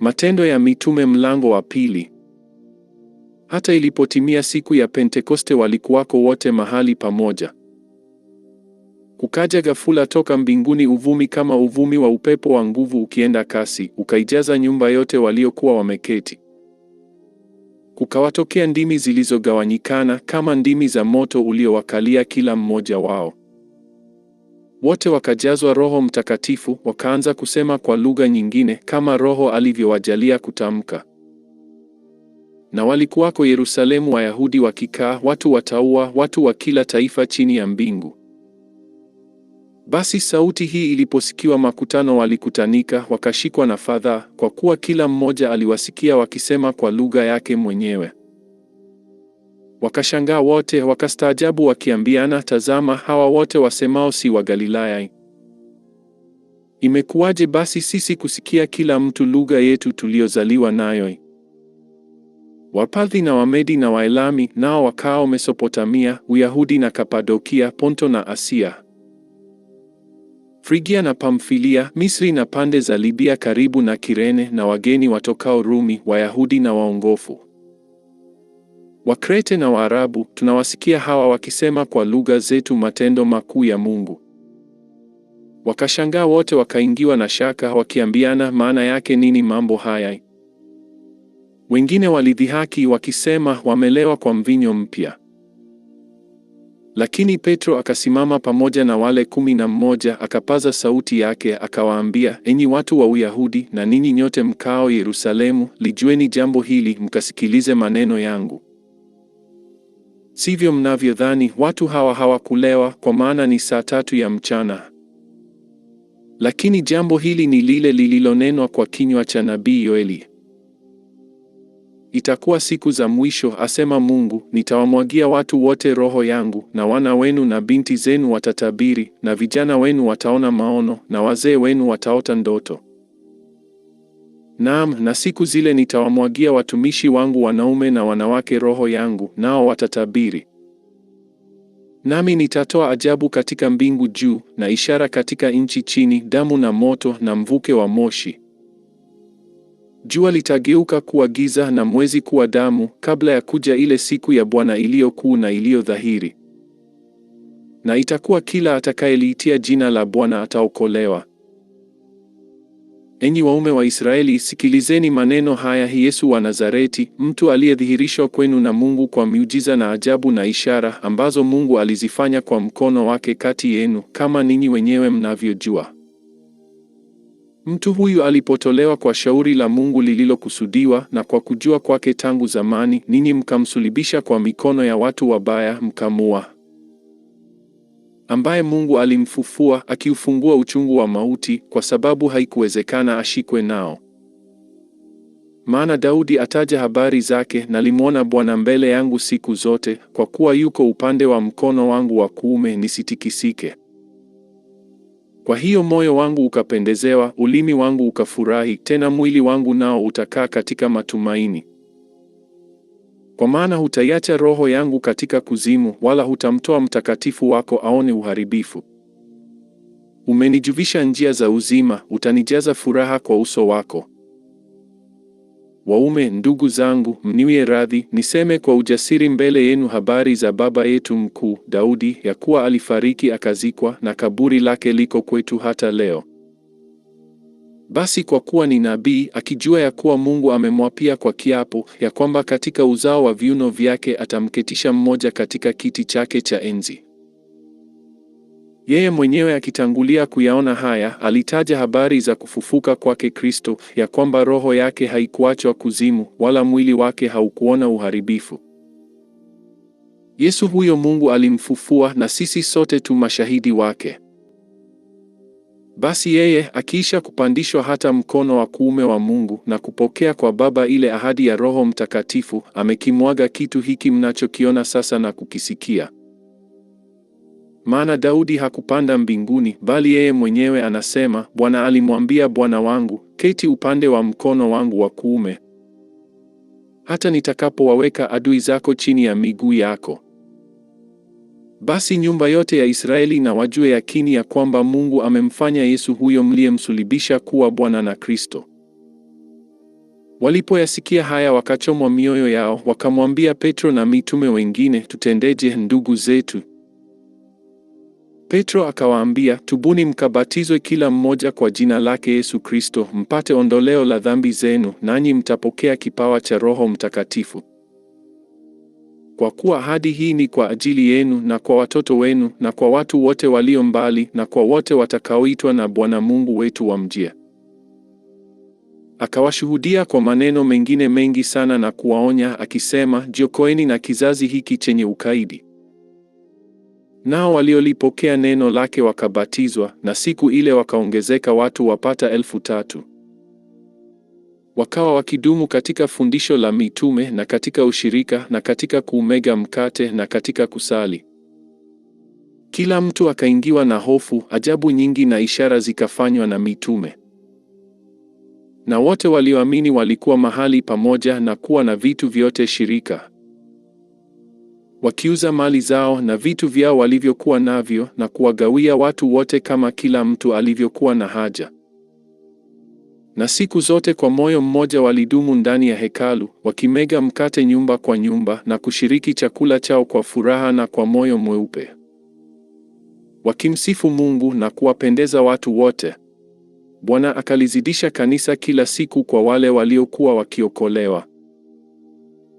Matendo ya Mitume mlango wa pili. Hata ilipotimia siku ya Pentekoste walikuwako wote mahali pamoja. Kukaja ghafula toka mbinguni uvumi kama uvumi wa upepo wa nguvu ukienda kasi, ukaijaza nyumba yote waliokuwa wameketi. Kukawatokea ndimi zilizogawanyikana kama ndimi za moto uliowakalia kila mmoja wao. Wote wakajazwa Roho Mtakatifu, wakaanza kusema kwa lugha nyingine kama Roho alivyowajalia kutamka. Na walikuwako Yerusalemu Wayahudi wakikaa, watu wataua, watu wa kila taifa chini ya mbingu. Basi sauti hii iliposikiwa, makutano walikutanika, wakashikwa na fadhaa, kwa kuwa kila mmoja aliwasikia wakisema kwa lugha yake mwenyewe. Wakashangaa wote wakastaajabu, wakiambiana, tazama, hawa wote wasemao si wa Galilaya? Imekuwaje basi sisi kusikia kila mtu lugha yetu tuliyozaliwa nayo? Wapathi na Wamedi na Waelami nao wakao Mesopotamia, Uyahudi na Kapadokia, Ponto na Asia, Frigia na Pamfilia, Misri na pande za Libia karibu na Kirene, na wageni watokao Rumi, Wayahudi na waongofu. Wakrete na Waarabu, tunawasikia hawa wakisema kwa lugha zetu matendo makuu ya Mungu. Wakashangaa wote, wakaingiwa na shaka, wakiambiana, maana yake nini mambo haya? Wengine walidhihaki wakisema, wamelewa kwa mvinyo mpya. Lakini Petro akasimama pamoja na wale kumi na mmoja, akapaza sauti yake, akawaambia, enyi watu wa Uyahudi na ninyi nyote mkao Yerusalemu, lijueni jambo hili, mkasikilize maneno yangu. Sivyo mnavyodhani, watu hawa hawakulewa, kwa maana ni saa tatu ya mchana. Lakini jambo hili ni lile lililonenwa kwa kinywa cha nabii Yoeli. Itakuwa siku za mwisho, asema Mungu, nitawamwagia watu wote Roho yangu, na wana wenu na binti zenu watatabiri, na vijana wenu wataona maono, na wazee wenu wataota ndoto. Naam, na siku zile nitawamwagia watumishi wangu wanaume na wanawake Roho yangu, nao watatabiri. Nami nitatoa ajabu katika mbingu juu, na ishara katika nchi chini, damu na moto na mvuke wa moshi. Jua litageuka kuwa giza na mwezi kuwa damu, kabla ya kuja ile siku ya Bwana iliyo kuu na iliyo dhahiri. Na itakuwa kila atakayeliitia jina la Bwana ataokolewa. Enyi waume wa Israeli, sikilizeni maneno haya. Ee Yesu wa Nazareti, mtu aliyedhihirishwa kwenu na Mungu kwa miujiza na ajabu na ishara ambazo Mungu alizifanya kwa mkono wake kati yenu, kama ninyi wenyewe mnavyojua. Mtu huyu alipotolewa kwa shauri la Mungu lililokusudiwa na kwa kujua kwake tangu zamani, ninyi mkamsulibisha kwa mikono ya watu wabaya, mkamua ambaye Mungu alimfufua akiufungua uchungu wa mauti, kwa sababu haikuwezekana ashikwe nao. Maana Daudi ataja habari zake, nalimwona Bwana mbele yangu siku zote, kwa kuwa yuko upande wa mkono wangu wa kuume, nisitikisike. Kwa hiyo moyo wangu ukapendezewa, ulimi wangu ukafurahi, tena mwili wangu nao utakaa katika matumaini. Kwa maana hutaiacha Roho yangu katika kuzimu, wala hutamtoa mtakatifu wako aone uharibifu. Umenijuvisha njia za uzima, utanijaza furaha kwa uso wako. Waume ndugu zangu, mniwie radhi niseme kwa ujasiri mbele yenu habari za baba yetu mkuu Daudi, ya kuwa alifariki akazikwa, na kaburi lake liko kwetu hata leo. Basi kwa kuwa ni nabii, akijua ya kuwa Mungu amemwapia kwa kiapo ya kwamba katika uzao wa viuno vyake atamketisha mmoja katika kiti chake cha enzi, yeye mwenyewe akitangulia kuyaona haya, alitaja habari za kufufuka kwake Kristo, ya kwamba roho yake haikuachwa kuzimu, wala mwili wake haukuona uharibifu. Yesu huyo Mungu alimfufua, na sisi sote tu mashahidi wake. Basi yeye akiisha kupandishwa hata mkono wa kuume wa Mungu na kupokea kwa Baba ile ahadi ya Roho Mtakatifu, amekimwaga kitu hiki mnachokiona sasa na kukisikia. Maana Daudi hakupanda mbinguni, bali yeye mwenyewe anasema, Bwana alimwambia Bwana wangu, keti upande wa mkono wangu wa kuume, hata nitakapowaweka adui zako chini ya miguu yako. Basi nyumba yote ya Israeli na wajue yakini ya kwamba Mungu amemfanya Yesu huyo mliyemsulibisha kuwa Bwana na Kristo. Walipoyasikia haya wakachomwa mioyo yao, wakamwambia Petro na mitume wengine, tutendeje ndugu zetu? Petro akawaambia, tubuni mkabatizwe kila mmoja kwa jina lake Yesu Kristo, mpate ondoleo la dhambi zenu, nanyi mtapokea kipawa cha Roho Mtakatifu kwa kuwa ahadi hii ni kwa ajili yenu na kwa watoto wenu na kwa watu wote walio mbali na kwa wote watakaoitwa na Bwana Mungu wetu wamjia. Akawashuhudia kwa maneno mengine mengi sana na kuwaonya akisema, jiokoeni na kizazi hiki chenye ukaidi. Nao waliolipokea neno lake wakabatizwa, na siku ile wakaongezeka watu wapata elfu tatu wakawa wakidumu katika fundisho la mitume na katika ushirika na katika kuumega mkate na katika kusali. Kila mtu akaingiwa na hofu, ajabu nyingi na ishara zikafanywa na mitume. Na wote walioamini walikuwa mahali pamoja na kuwa na vitu vyote shirika, wakiuza mali zao na vitu vyao walivyokuwa navyo, na kuwagawia watu wote kama kila mtu alivyokuwa na haja. Na siku zote kwa moyo mmoja walidumu ndani ya hekalu, wakimega mkate nyumba kwa nyumba na kushiriki chakula chao kwa furaha na kwa moyo mweupe, wakimsifu Mungu na kuwapendeza watu wote. Bwana akalizidisha kanisa kila siku kwa wale waliokuwa wakiokolewa.